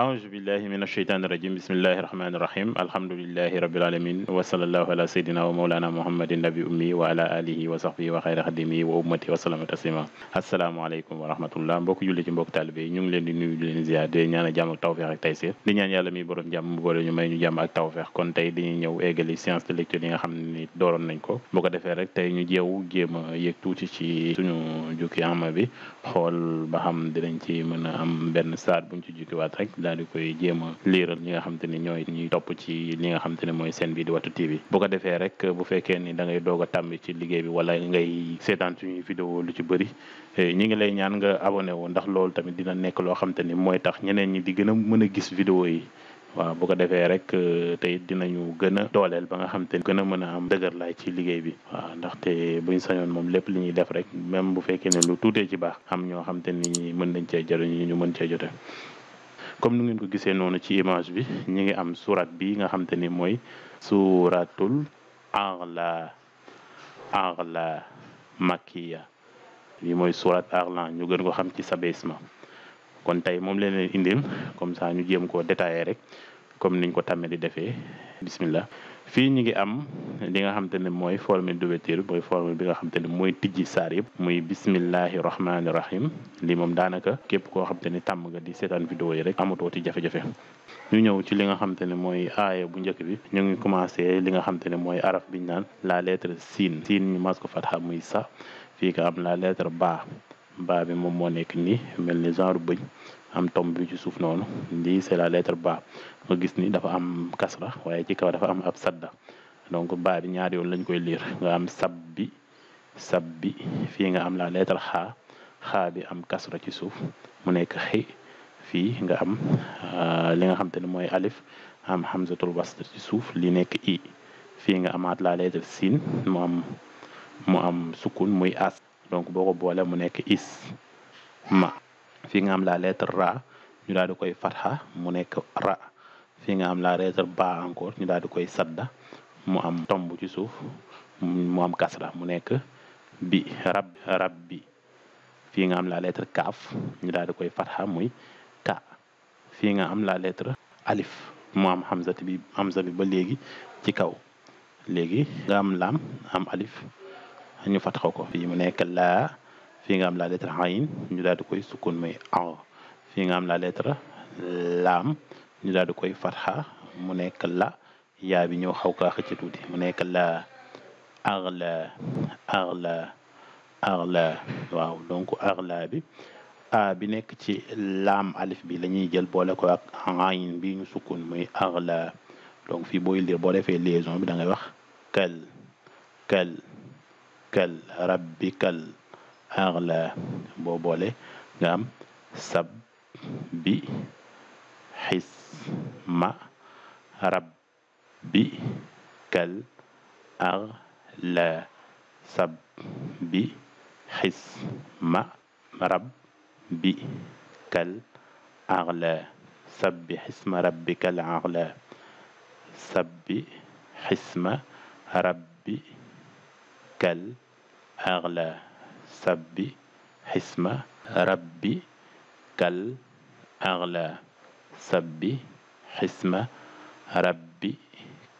ahousubillahi min asheytaani irajim bismillahi irahmani irahim alhamdulilahi rabilalamin wasalallahu ala seydina wa maulana muhammadin nabi ummi wa ala alihi wa sahbihi wa xayri xadimi wa ummati wasalama taslima asalaamaaleykum wa rahmatullah mbokk julli ci mbokk taalibe yi leen di nuyu di di ñaan a jàmm ak tawfeex ak taysir di ñaan yàlla mi borom jàmm may ñu jàmm ak tawfeex kon tey dañuy ñëw eggali science de lecture yi nga nañ ko bu ko a a am benn saat buñ ci daal di koy jéem a liiral ñi nga xamante ni ñooy ñuy topp ci li nga xamante ne mooy seen bi di Watu TV bu ko defee rek bu fekee ni dangay ngay doog a tàmbi ci liggéey bi wala ngay seetaan suñuy vidéo lu ci bëri eh, ñi ngi lay ñaan nga abonné wu ndax loolu tamit dina nekk loo xamante ni mooy tax ñeneen ñi di gën a mën a gis vidéo yi waaw bu ko defee rek eh, tey dinañu gën a dooleel ba nga xam te gën a mën a am dëgër laay ci liggéey bi waaw ndaxte buñ sañoon moom lépp li ñuy def rek même bu fekkee ne lu tuutee ci baax am ñoo xam te ni mën nañ cee jëriñu ñu mën cee jote comme nu ngeen ko gisee noonu ci image bi ñu ngi am surat bi nga xam te ni mooy suratul A'la A'la Makkiya lii mooy surat A'la ñu gën ko xam ci sabisma kon tey moom leen indil comme ça ñu jéem koo détaillé rek comme niñ ko tàmmee di defee bismillah fii ñu ngi am li nga xam te ne mooy formule d'ouverture mooy formule bi nga xam te ne mooy tijji saar yëpp muy bismillahi rahmaani rahim lii moom daanaka képp koo xam te ne tàmm nga di seetaan vidéo yi rek amatoo ci jafe-jafe ñu ñëw ci li nga xam te ne mooy aaya bu njëkk bi ñu ngi commencé li nga xam te ne mooy araf biñ naan la lettre siin siin ñu mas ko fatxa muy sa fii nga am la lettre ba ba bi moom moo nekk nii mel ni genre bëñ am tomb bi ci suuf noonu lii c'est la lettre ba nga gis ni dafa am kasra waaye ci kaw dafa am ab sadda donc ba bi ñaari yoon lañ koy liir nga am sab bi sab bi fii nga am la lettre xaa xaa bi am kasra ci suuf mu nekk xi fii nga am euh, li nga xam te ne mooy alif am hamzatul wasl ci suuf li nekk i fii nga amaat la lettre siin mu am mu am sukun muy as donc boo ko boole mu nekk is ma fii nga am la lettre ra ñu daal di koy fatxa mu nekk ra fii nga am la lettre ba encore ñu daal di koy sadda mu am tomb ci suuf mu am kasra mu nekk bi rab rab bi fii nga am la lettre kaaf ñu daal di koy fatxa muy ka fii nga am la lettre alif mu am hamza bi hamza bi ba léegi ci kaw léegi nga am laam am alif ñu fatxa ko fii mu nekk laa fii nga am la lettre ayn ñu daal koy sukkoon muy aw fii nga am la lettre laam ñu daal di koy fatxa mu nekk la yaa bi ñëw xaw kaa xëcc tuuti mu nekk la arla waaw donc arla bi a bi nekk ci laam alif bi la ñuy jël boole ko ak ayn bi ñu sukkoon muy arla fii booy liir boo defee liaison bi da wax kal kal kal rabbikal axla boo boole nga am sab bi xisma rab bi kal axla sab bi xisma rab bi kal axla sab bi xisma rab bi kal axla sabbi xisma rabbi kal axla sabbi xisma rabbi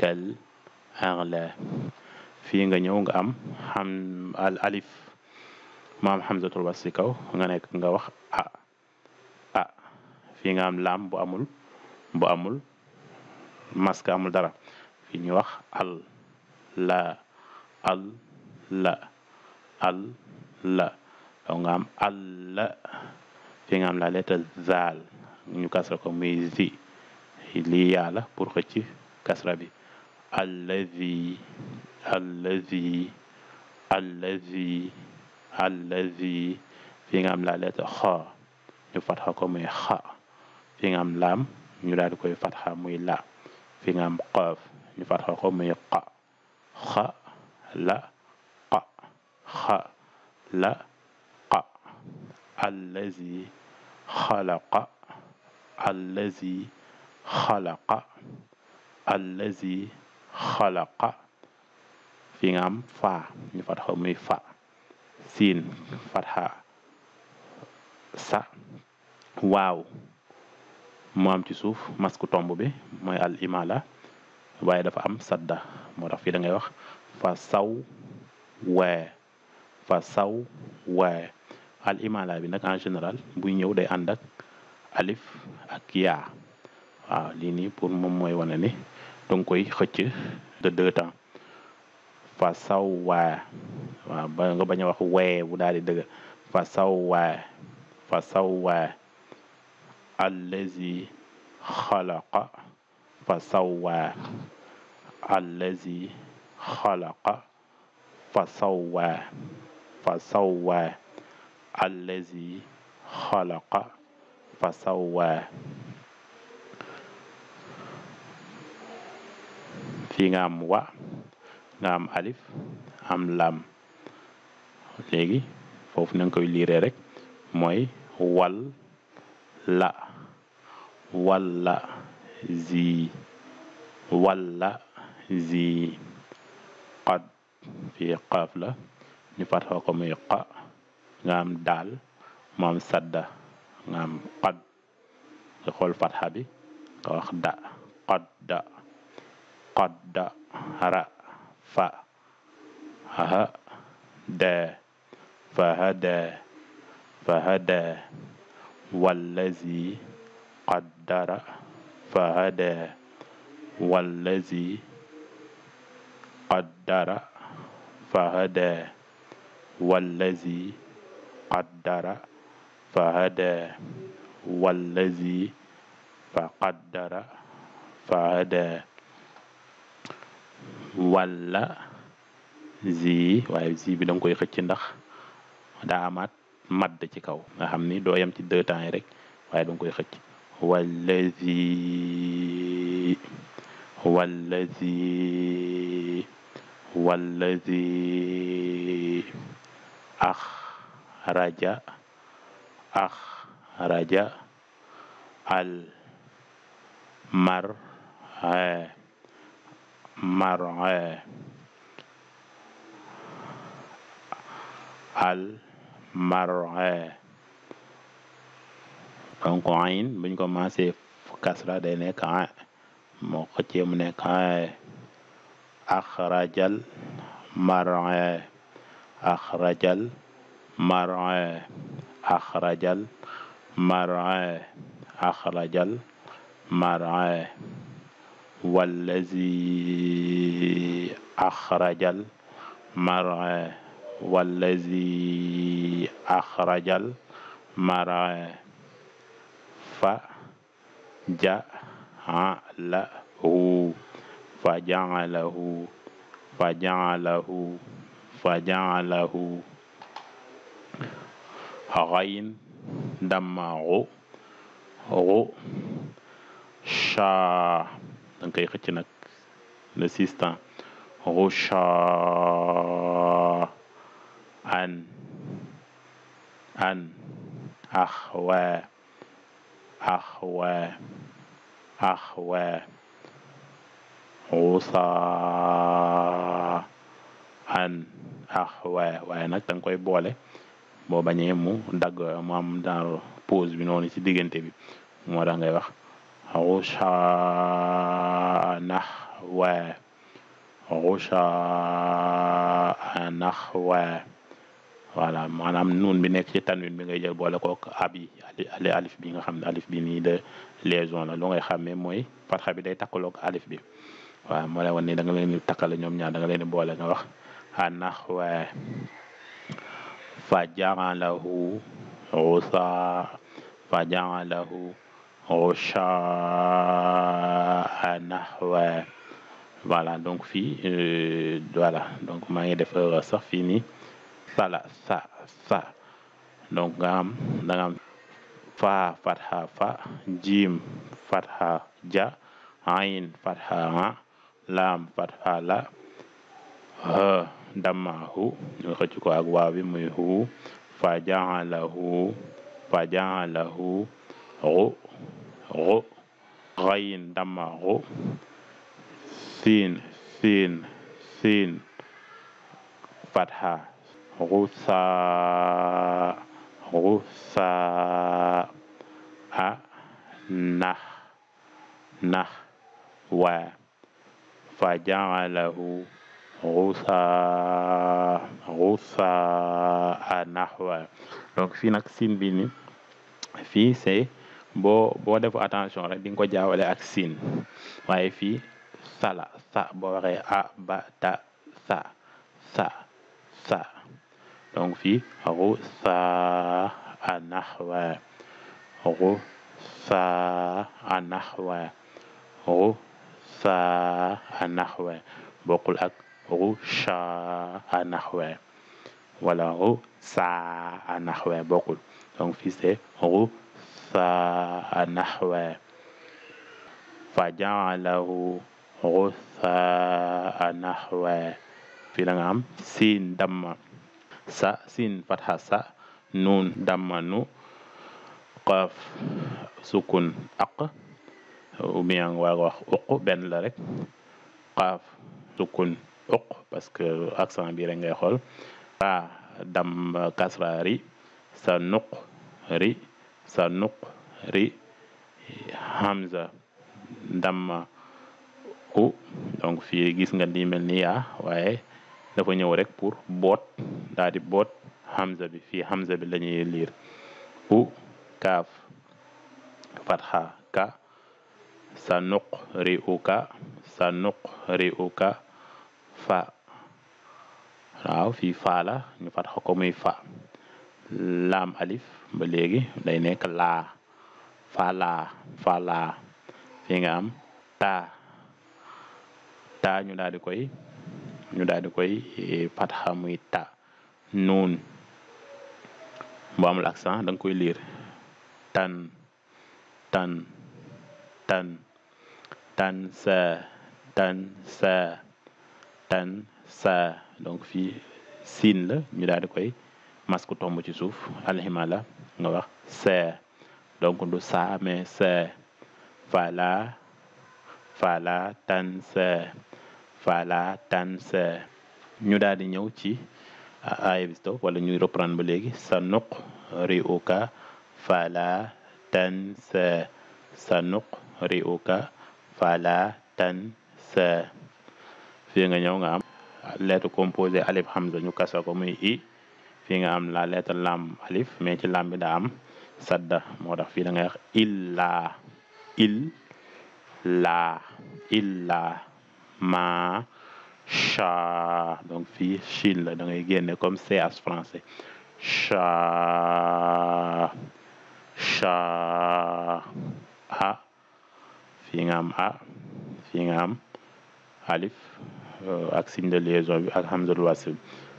kal axla fii nga ñëw nga am xam al alif maam hamzatul was ci kaw nga nekk nga wax a a fii nga am laam bu amul bu amul maska amul dara fii ñu wax al la al la la donc nga am fi nga am la lettre zaal ñu kasra muy zi lii pour xëcc kasra bi allazi allazi allazi allazi fi nga am la lettre xa ñu fatxa ko muy xa fi nga am ñu daal di koy fatxa muy la fi nga am qaaf ñu fatxa ko muy qa xa la qa xa laqa allazi xalaqa allazi xalaqa allazi xalaqa fi nga am faa ñu fatxa muy fa siin fatxa sa waaw mu am ci suuf masku tomb bi mooy al imala waaye dafa am sadda moo tax wax fa saw wee fa saw waaye al imala bi nag en général buy ñëw day ànd alif ak yaa waaw lii nii pour moom mooy wane ni danga koy xëcc de deux temps fa saw waaye waaw ba nga bañ wax wee bu daal di dëgg fa saw waaye fa saw waaye allazi xalaqa fa saw waaye allazi xalaqa fa saw waaye fa sawwaa allazi xalaqa fa sawwaa fii nga am wa nga am alif am lam léegi foofu na koy liire rek mooy wal la walla zi walla zi qad fii qaaf la ñu fatxa ko muy qa nga daal mu sadda nga am qad nga xool fatxa bi nga wax da qad da qad da ra fa aha de faha de faha de wallazi qaddara faha de wallazi qaddara faha de walla qaddara fa hada wallazi fa qaddara fa hada walla zi waaye zi bi danga koy xëcc ndax daa amaat madd ci kaw nga xam ni doo yam ci deux yi rek waaye danga koy xëcc wallazi wallazi wallazi axraja axraja al mar eh, mar eh, al mar donc eh. ayn buñ ko commencé kasra day nekk a moo xëccee mu nekk axrajal mar axrajal mar'aa axrajal mar'aa axrajal mar'aa wallazi axrajal mar'aa wallazi axrajal mar'aa fa ja'alahu fa ja'alahu fa ja'alahu fa jaalahu xayn damma xu xu cha danga koy xëcc nag le sistan xu cha an an axwa axwa axwa xusa an ah waaye waaye nag da koy boole boo bañee mu dagg mu am dans pause bi noonu ci diggante bi moo tax ngay wax rucaa nax waa rucaa nax waa voilà maanaam nuun bi nekk ci tanwin bi ngay jël boole kook ab yi ali alif bi nga xam ne alif bi nii de liaison la lu xam xàmmee mooy fatxa bi day takkaloog alif bi waaw moo lay wan ni da nga leen di ñoom ñaar da nga leen di boole nga wax ونحوه فجعله غثاء فجعله غشاء نحوه voilà donc fii euh, voilà donc maa ngi def erreur sax fii nii sa sa donc nga am da nga am fa fatha fa jim fatha ja ayn fatha ha laam fatha la ha dammahu ñu xëcc ko ak waaw muy hu fa jaalahu fa jaalahu xu xu xayin damma xu siin siin siin fatha xu saa xu saa a nax nax waa fa jaalahu xusa xusa a nahwa donc fii nag siin bi ni fii c'est boo boo def attention rek di nga ko jaawale ak siin waaye fii sala sa boo waxee a ba ta sa sa sa donc fii xusa a nahwa xusa a nahwa xusa a nahwa bokkul ak rucha nahwa wala rusa nahwa bokkul donc fii c'est rusa nahwa fa ja'alahu rusa nahwa fii da am siin damma sa siin fatha sa nuun damma nu qaaf sukun aq ou bien nga wax uq benn la rek qaaf sukun uq parce que accent bi rek ngay xool ra dam kasra ri sa nuq ri sa nuq ri hamza damma u donc fii gis nga di mel ni yaa ah, waaye dafa ñëw rek pour boot daal di boot hamza bi fii hamza bi la liir u kaaf fatha ka sa nuq ri u ka sa nuq ri u ka fa waaw fii faa la ñu fatxa ko muy fa lam alif ba léegi day nekk la fala fala fa fi nga am ta taa ñu daal koy ñu daal di koy eh, fatxa muy ta nuun bu amul accent da nga koy liir tan tan tan sa tan saa donc fii siin la ñu daal koy masque tomb ci suuf alxima la nga wax see donc du saa mais see fala fala tan see fala tan see ñu daal ñëw ci aaya bis wala ñu reprendre ba léegi sa nuq ri uka fala tan see sa nuq ri uka fala tan see fii nga ñëw nga am lettre composée alif hamza ñu kasa ko muy i fii nga am la lettre lam alif mais ci am sadda moo tax fii da ngay wax illaa il laa illaa ma cha donc fii chine la da ngay génne comme ch français cha cha a fii nga am a fii nga am alif Euh, ak siñ de liaison bi ak hamzatul wasl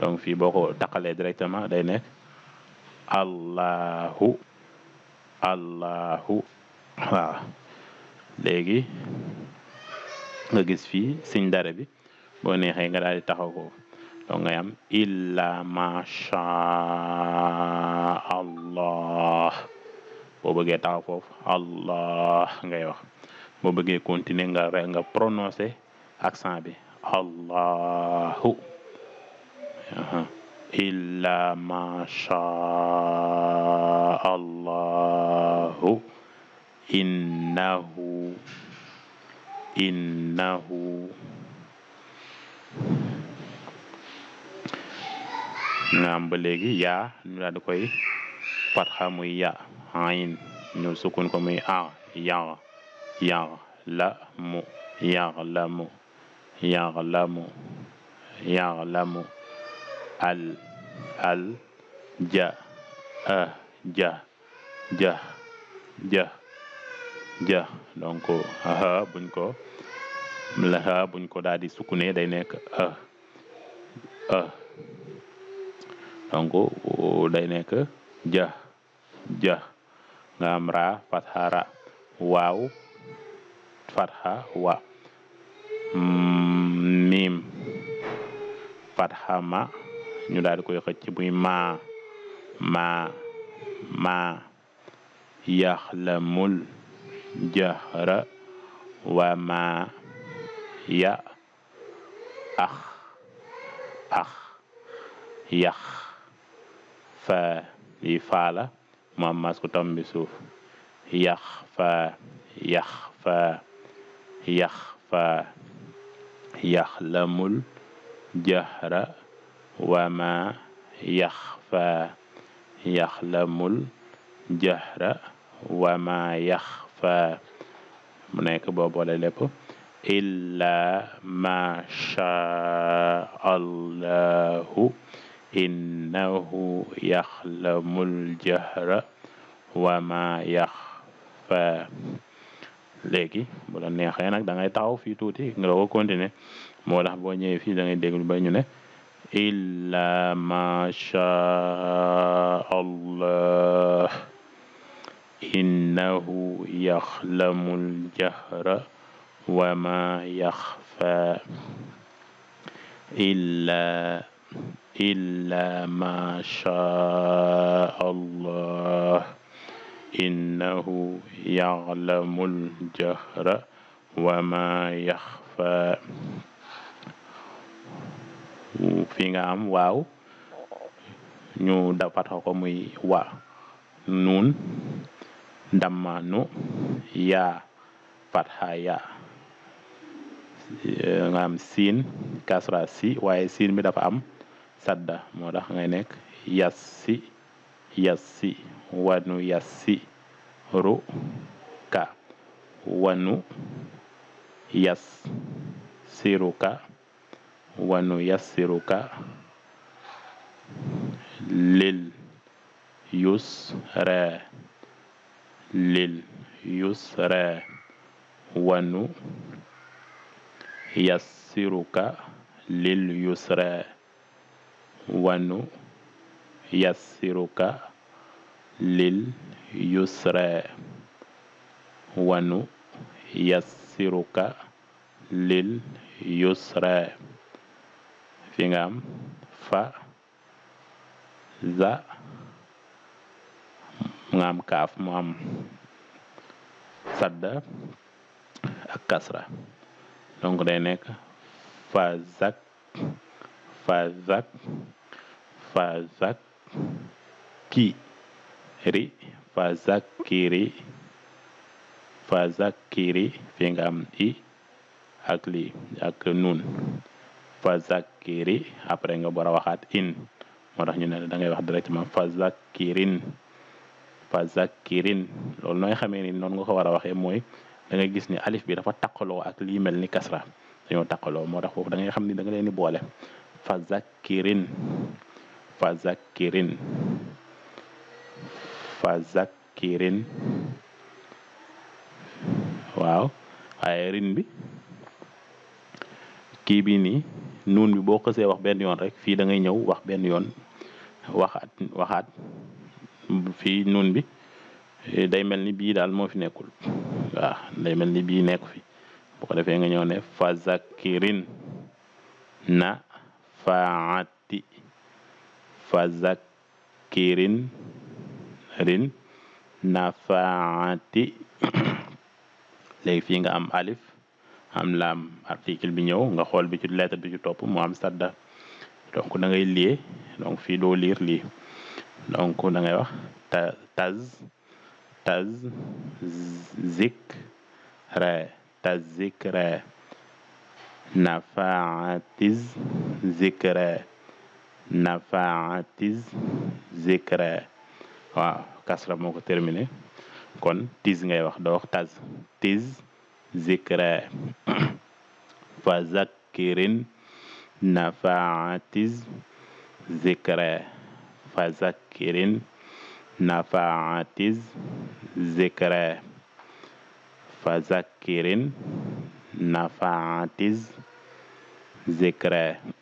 donc fii boo ko taqalee directement day nekk allahu allahu waaw léegi nga gis fii signe dara bi boo neexee nga daal di taxaw ko donc ngay am illa macha allah boo bëggee taxaw foofu allah ngay wax boo bëggee continuer nga nga prononcer accent bi allahu illa ma shaa ba léegi yaa ñu daal di koy fatxa muy ya ayn ñu sukun ko muy a ya mu ya mu yaxlamu yaxlamu al al ja a ja ja ja ja donc aha buñ ko laha buñ ko daal sukune day nekk a a donc day nekk ja ja nga am ra fatha ra waaw fatha wa mm. miim fatxa ma ñu daal di koy xëcc muy ma maa maa yaxlamul jahra wa maa ya ax ax yax fa yi faala ma mas ko tombi suuf yax fa yax fa yax fa yaxlamul jahra wama yaxfa yaxlamul jahra wama yaxfa mu nekk boo boole lépp illaa ma shaa allahu innahu yaxlamul jahra wa ma yaxfa léegi bu la neexee nag da ngay taxaw fii tuuti nga ko continuer moo tax boo ñëwee fii da ngay déglu ba ñu ne illa ma sha allah innahu yaxlamul jahra wa ma yaxfa illa illa ma sha allah innahu ya'lamul jahra wa ma yaxfa fi nga am waaw ñu dafatxa ko muy wa nuun damma nu yaa fatxa yaa nga am siin kasra si waaye siin bi dafa am sadda moo tax nekk yas si yassi wanu yassi ru ka wanu yassiruka wanu yassiruka lil yusra lil yusra wanu yassiruka lil yusra wanu yassiruka lil yusra wanu yassiruka lil yusra fi nga am fa za nga am kaaf mu am sadda ak kasra donc day nekk fa zak fa zak fa zak kiri fa zakkiri fa zakkiri fi nga am i ak li ak nun fa zakkiri après nga bora waxaat in moo tax ñu ne da ngay wax directement fa zakkirin fa zakkirin loolu nooy xamee ni noonu nga ko war a waxee mooy da gis ni alif bi dafa taqaloo ak li mel ni kasra dañoo taqaloo moo tax foofu da ngay xam ni da nga leen di boole fa zakkirin fazakirin fazakirin waaw waaye rin bi kii bi nii nuun bi boo xësee wax benn yoon rek fii da ngay ñëw wax benn yoon waxaat waxaat fii nuun bi day mel ni bii daal moo fi nekkul waaw day mel ni bii nekk fi boo ko defee nga ñëw ne fazakirin na faat fazakirin rin nafaati léegi fii nga am alif am laam article bi ñëw nga xool bi ci lettre bi ci topp mu am sadda donc da ngay lié donc fii doo liir lii donc da ngay wax ta taz taz zik re taz zik re nafaatis zik re nafaatiz zikra waaw kasra moo ko kon tiz ngay wax doo wax taz tiz zikra fa zakkirin nafaatiz zikra fa zakkirin nafaatiz zikra fa zakkirin nafaatiz zikra